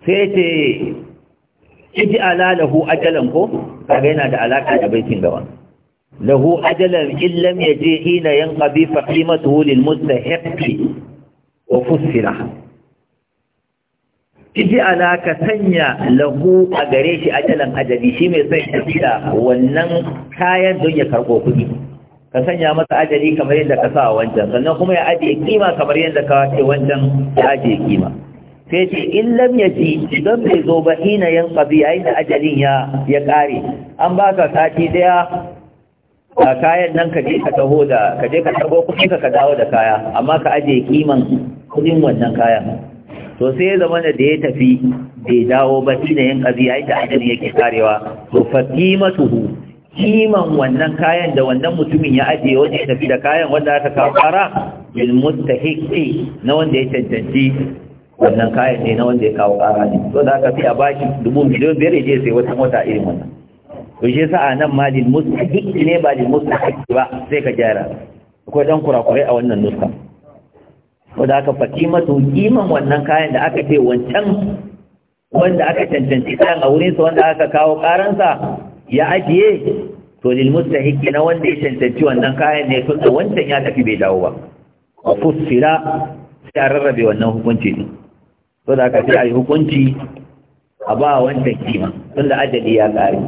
sai ce iji ala lahu ajalan ko ga yana da alaka da baitin gaba lahu ajalan illam je hina yanqabi fa Wulin, lil mustahiqi wa fusila iji alaka ka sanya lahu a gare shi a jalan ajali shi mai sai tafi da wannan kayan don ya karɓo kuɗi ka sanya masa ajali kamar yadda ka sa wancan sannan kuma ya ajiye kima kamar yadda ka ce wancan ya ajiye kima sai ce in lam ya ci don bai zo ba ina yan qabi yayin da ajalin ya ya an an ka sati daya a kayan nan ka je ka taho da ka je ka tabo kuɗi ka dawo da kaya amma ka ajiye kiman kuɗin wannan kayan to sai ya zama da ya tafi bai dawo ba shi ne yin ƙazi ai da ajali yake karewa to fa qimatuhu kiman wannan kayan da wannan mutumin ya ajiye wanda ya tafi da kayan wanda aka kawo fara bil mustahiqi na wanda ya cancanci wannan kayan ne na wanda ya kawo fara ne to da aka fi a bashi dubu miliyan biyar ya je sai wata mota irin wannan to shi yasa a nan ma lil mustahiqi ne ba lil mustahiqi ba sai ka gyara akwai dan kurakurai a wannan nuska ko da aka faɗi masu ƙiman wannan kayan da aka ce wancan wanda aka cancanci kayan a wurinsa wanda aka kawo ƙaransa ya ajiye to lil mustahiki na wanda ya cancanci wannan kayan ne tun da wancan ya tafi bai dawo ba a fusira sai a rarrabe wannan hukunci ne to da aka sai a yi hukunci a ba wancan kima tun da ajali ya ƙare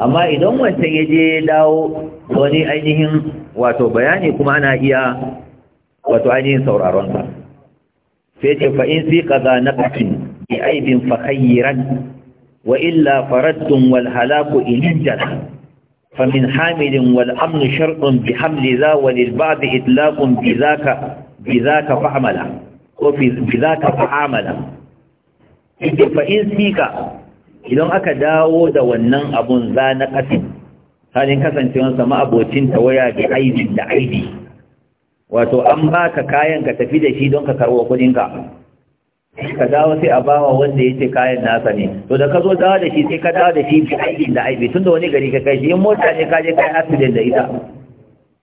amma idan wancan ya je dawo wani ainihin wato bayani kuma ana iya wato ainihin sauraron sa sai ce fa in fi qaza naqatin bi aibin fa khayran wa illa faraddun wal halaku ilin jana فمن حامل والأمن bi بحمل ذا وللبعض إطلاق بذاك bi فعملا وفي بذاك فعملا فإن سيكا idan aka dawo da wannan abun za na ƙasin halin kasancewansa ma'abocin tawaya bi aibi da aibi wato an baka kayan ka tafi da shi don ka karɓo kuɗinka ka dawo sai a bawa wanda ya ce kayan nasa ne to da ka zo dawo da shi sai ka dawo da shi bi aikin da aibi tun da wani gari ka kai shi in mota ne ka je kayan accident da ita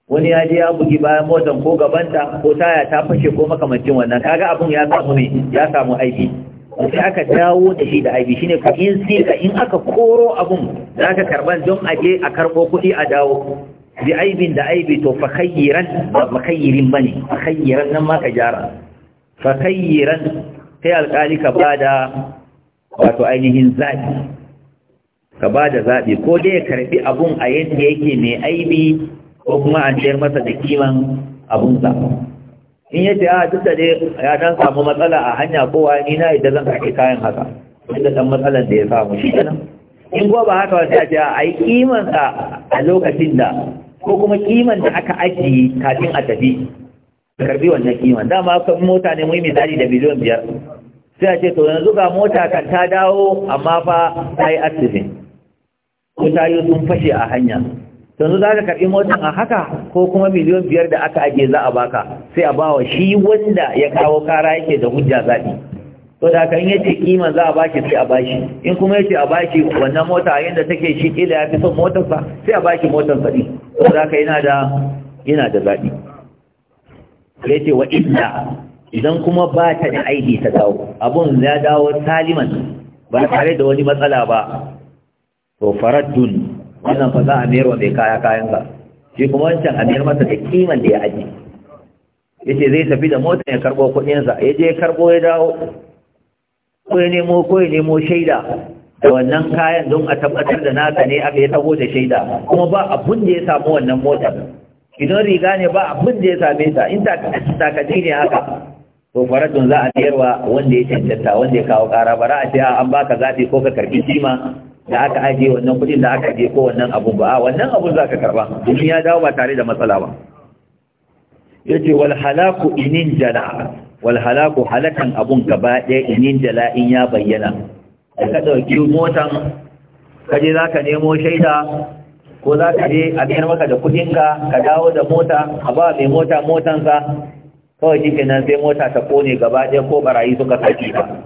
wani ya je ya bugi bayan motan ko gabanta ko taya ta fashe ko makamancin wannan kaga abun ya samu ne ya samu aibi sai aka dawo da shi da aibi shine ka in sai ka in aka koro abun zaka karban don a je a karbo kuɗi a dawo bi aibin da aibi to fa khayran ba makayirin bane khayran nan ma ka jara fa khayran sai alƙali ka bada wato ainihin zabi ka bada zabi ko dai ya karbi abun a yanda yake mai aibi ko kuma an tsayar masa da kiman abun sa in yace a ah, duk da dai ya dan samu matsala a hanya wa ni na idan zan kake kayan haka inda dan matsalar da ya samu shi kenan in ko ba haka wata ce ah, a yi kimansa a lokacin da ko kuma kiman da aka ajiye kafin a tafi karbi wannan kiman dama aka mota ne muhimmi misali da biliyon biyar sai a ce to yanzu ga mota kan ta dawo amma fa ta yi asibin ko yi sun fashe a hanya yanzu za ka karɓi motan a haka ko kuma miliyon biyar da aka ajiye za a baka sai a bawa shi wanda ya kawo kara yake da hujja zaɓi to da kan yace kima za a baki sai a baki, in kuma yace a baki wannan mota yanda take shi kila ya fi son motar sa sai a baki motar sa din to da kai yana da yana da zabi yace wa illa idan kuma ba ta da aidi ta dawo abun ya dawo saliman ba tare da wani matsala ba to faraddun wannan fa za a mayar wa mai kaya kayan ka shi kuma wancan a mayar masa da kiman da ya aji yace zai tafi da motar ya karbo kudin sa ya je karbo ya dawo ko ya nemo ko ya nemo shaida da wannan kayan don a tabbatar da naka ne aka yi tabo da shaida kuma ba abun da ya samu wannan motar idan riga ne ba abun da ya same ta in takaci ne haka to faratun za a tsayarwa wanda ya cancanta wanda ya kawo kara bara a ce an baka zafi ko ka karbi jima da aka ajiye wannan kuɗin da aka ajiye ko wannan abun ba wannan abu za ka karba domin ya dawo ba tare da matsala ba yace wal halaku inin jana'a wal halaku halakan abun gaba ɗaya inin la'in ya bayyana da ka ɗauki motan kaje za ka nemo shaida ko za ka je a biyar maka da kudinka ka dawo da mota a ba mai mota motansa kawai shi kenan sai mota ta kone gaba ɗaya ko barayi suka saki ba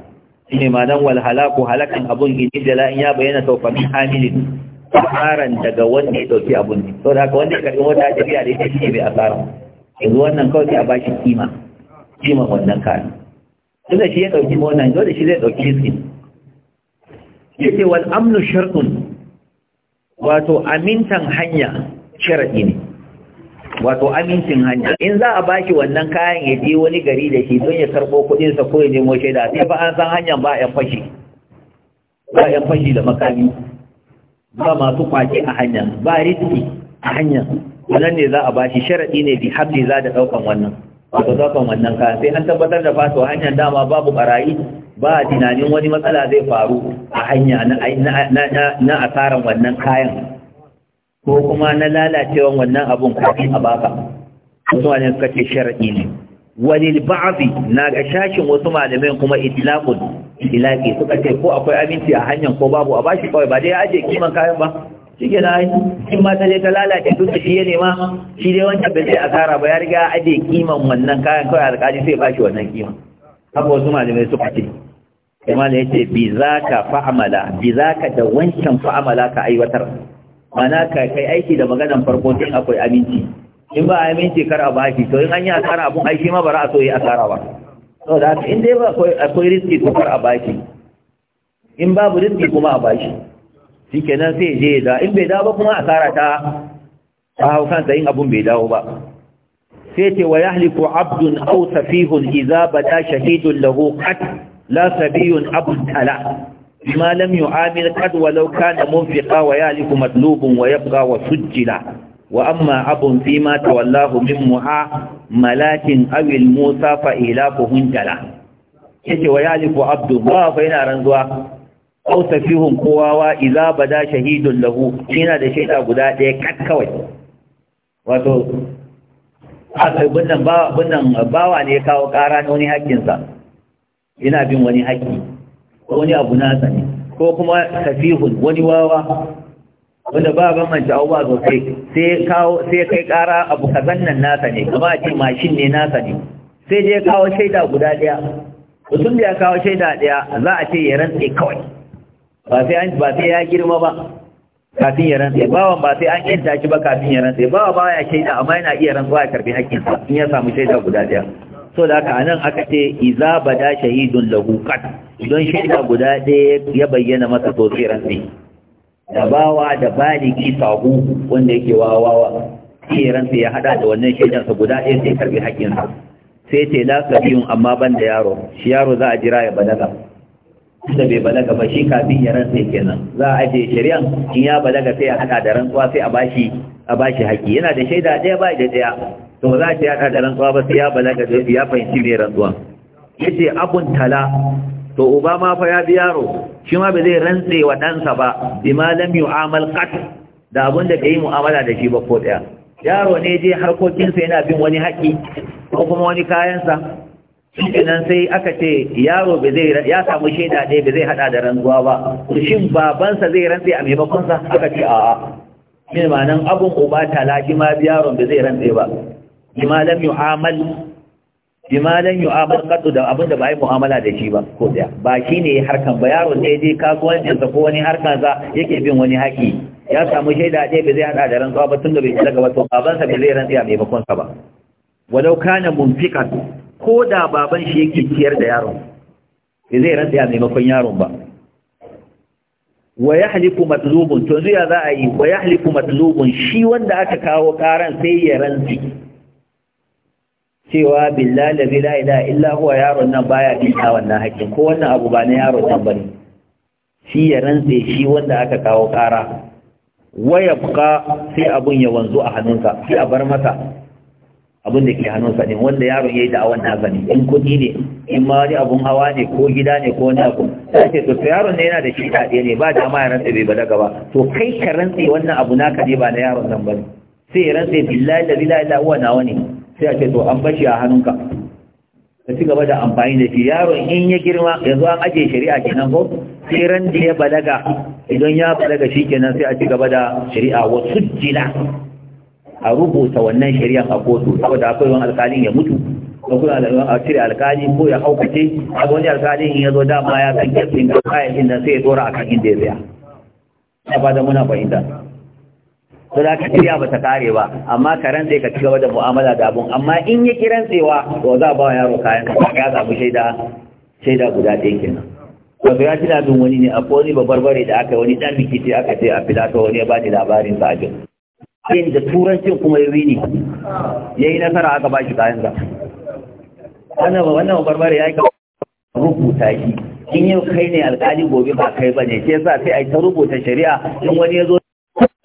shi ne manan wal halaku halakan abun inin la'in ya bayyana sau famin hamilin asaran daga wanda ya ɗauki abun ne sau da haka wanda ya karɓi mota tafiya da ita shi ne mai asara yanzu wannan kawai a bashi kima kiman wannan kayan tunda shi ya ɗauki wannan dole shi zai ɗauki ya ce wal amnu shartun wato amintan hanya shirɗi ne wato amincin hanya in za a baki wannan kayan ya je wani gari da shi don ya karɓo kuɗinsa ko ya nemo shaida sai ba an san hanyar ba a fashi ba a fashi da makami ba masu kwaki a hanya ba riski a hanya wannan ne za a bashi sharaɗi ne bi habli za da ɗaukan wannan wato daukan wannan kayan sai an tabbatar da fato hanyar dama babu barayi ba a tunanin wani matsala zai faru a hanya na asaran wannan kayan ko kuma na lalacewan wannan abun kafin a baka wasu wani suka ce sharaɗi ne wani ba'abi na ga shashin wasu malamai kuma itilakun itilaki suka ce ko akwai aminci a hanyar ko babu a bashi kawai ba dai aje kiman kayan ba suke na in ma ta je ta lalace duk da shi ya nema shi dai wancan bai zai asara ba ya riga ajiye kiman wannan kayan kawai alƙali sai ba shi wannan kiman haka wasu malamai suka ce kuma da ce bi ka fa'amala bi ka da wancan fa'amala ka aiwatar mana ka kai aiki da maganan farko sai akwai aminci in ba aminci kar a shi to in an yi asara abun aiki ma ba za a so yi asara ba to da in dai ba akwai riski to kar a shi in babu riski kuma a shi shi kenan sai je da in bai dawo ba kuma asara ta ta hau kansa yin abun bai dawo ba sai ce wa yahliku abdun au safihun idza bada shahidun lahu qad la sabiyun abun tala ma lam yu'amil qad walau kana munfiqa wa yahliku madlubun wa yabqa wa sujjila wa amma abun fima tawallahu min mu'a malakin awil musa fa ilakuhun jala yace wa yahliku abdu ba fa yana ranzuwa aw safihun kowawa idza bada shahidun lahu yana da shaida guda ɗaya kat kawai wato aka bunnan ba bunnan bawa ne kawo ƙara na wani haƙƙinsa yana bin wani haƙƙi ko wani abu nasa ne ko kuma tafihun wani wawa wanda ba ban manta abuwa sosai sai kawo sai kai ƙara abu kazan nan nasa ne kuma a ce mashin ne nasa ne sai dai kawo shaida guda ɗaya mutum da ya kawo shaida ɗaya za a ce ya rantse kawai ba sai an ba sai ya girma ba kafin ya rantsa bawan ba sai an yanta shi ba kafin ya rantsa bawa ba ya shaida amma yana iya rantsuwa ya karbi hakkin sa in ya samu shaida guda daya so da haka anan aka ce iza bada shahidun lahu qat don shaida guda daya ya bayyana masa to sai rantsa da bawa da baliki sahu wanda yake wawawa sai rantsa ya hada da wannan shaidan sa guda daya sai karbi hakkin sa sai ce la sabiyun amma ban da yaro shi yaro za a jira ya balaga da bai balaga ba shi kafin ya rantse kenan za a ajiye shari'an in ya balaga sai a haɗa da rantsuwa sai a bashi a bashi haƙi yana da shaida ɗaya ba da ɗaya to za a ce ya haɗa da rantsuwa ba sai ya balaga da ya fahimci mai rantsuwa yace abun tala to uba ma fa ya bi yaro shi ma bai zai rantse wa ɗansa ba bi ma lam yu'amal qat da abun da kai mu'amala da shi ba ko ɗaya yaro ne je harkokinsa yana bin wani haƙi ko kuma wani kayansa shi nan sai aka ce yaro ba zai ya samu shaida ne ba zai hada da rantsuwa ba shin babansa zai rantse a maimakon sa aka ce a'a min ma'anan abun uba tala shi ma yaron ba zai rantse ba bima lam yu'amal bima lam yu'amal qatu da abin da bai yi mu'amala da shi ba ko da ba ne harkan ba yaron ne dai kasuwancin sa ko wani harkan sa yake bin wani haki ya samu shaida ne ba zai hada da rantsuwa ba tunda bai daga ba to babansa ba zai rantse a maimakon sa ba walau kana munfiqan ko da baban shi yake ciyar da yaron ba zai rantsa maimakon yaron ba wa yahliku matlubun to zuya za a yi wa yahliku matlubun shi wanda aka kawo karan sai ya rantsi cewa billahi la ilaha illa huwa yaron nan baya bisa wannan hakkin ko wannan abu ba na yaron nan bane shi ya rantse shi wanda aka kawo kara waya buka sai abun ya wanzu a hannunka sai a bar masa abin da ke hannun ne wanda yaron ya yi da'awan na ne in kudi ne in ma wani abun hawa ne ko gida ne ko wani abu ta ce to yaron ne yana da shi ɗaɗe ne ba dama ya rantse bai balaga ba to kai ka rantse wannan abu naka ne ba na yaron nan ba ne sai ya rantse billahi da billahi da uwa nawa ne sai a ce to an bashi a hannunka ka ci gaba da amfani da shi yaron in ya girma yanzu an ajiye shari'a kenan ko sai ran da ya balaga idan ya balaga shi kenan sai a ci gaba da shari'a wasu jila a rubuta wannan shari'a a kotu saboda akwai wani alkalin ya mutu ko kuma a cire alkali ko ya haukace a wani alkalin ya zo dama ya san kirkin da kayayyakin da sai ya dora akan inda ya tsaya ya ba da muna fahimta to da ka shirya ba ta kare ba amma ka sai ka ci gaba da mu'amala da abun amma in ya kiran tsewa to za ba yaro kayan ya samu shaida shaida guda ɗaya kenan wato ya tuna min wani ne a wani babbar bare da aka wani dan biki ce aka ce a fila ta wani ya ba ni labarin sa a ɗin da turancin kuma ya wini ya yi nasara aka ba shi kayan ga wannan barbare ya yi ka rubuta shi in yau kai ne alkali gobe ba kai ba ne ke sa sai a yi ta rubuta shari'a in wani ya zo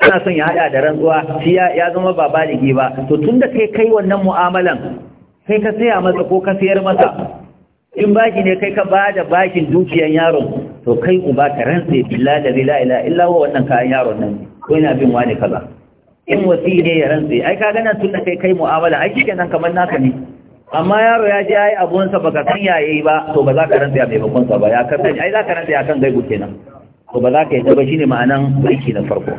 ana son ya haɗa da rantsuwa shi ya zama ba baligi ba to tun da kai kai wannan mu'amalan kai ka saya masa ko ka sayar masa in baki ne kai ka ba da bakin dukiyan yaron to kai uba ka rantse billahi la ilaha illa huwa wannan kayan yaron nan ko ina bin wani kaza in wasi ne ya rantse ai ka gana tun da kai kai mu'amala ai nan kamar naka ne amma yaro ya je yayi abun sa baka san yaye ba to ba za ka rantse a maimakon sa ba ya ka ai za ka rantse akan gaibu kenan to ba za ka yi ba shine ma'anan aiki na farko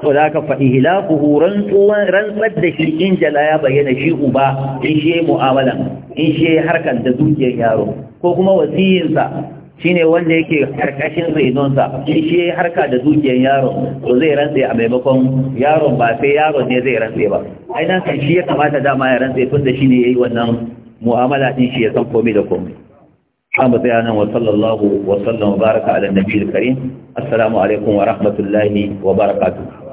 to da ka fa ihlaquhu rantsuwan rantsar da shi in jala ya bayyana shi uba in shi mu'amalan in shi harkan da dukiyar yaro ko kuma wasiyinsa shine wanda yake karkashin renonsa in shi ya harka da zukiyar yaron to zai rantse a maimakon yaron ba sai yaron ne zai rantse ba ai nan kan shi ya kamata dama ya rantse tun da shi ne ya yi wannan mu'amala din shi ya san komai da komai an ba tsaya nan wa sallallahu wa sallam wa baraka ala nabiyil karim assalamu alaikum wa rahmatullahi wa barakatuh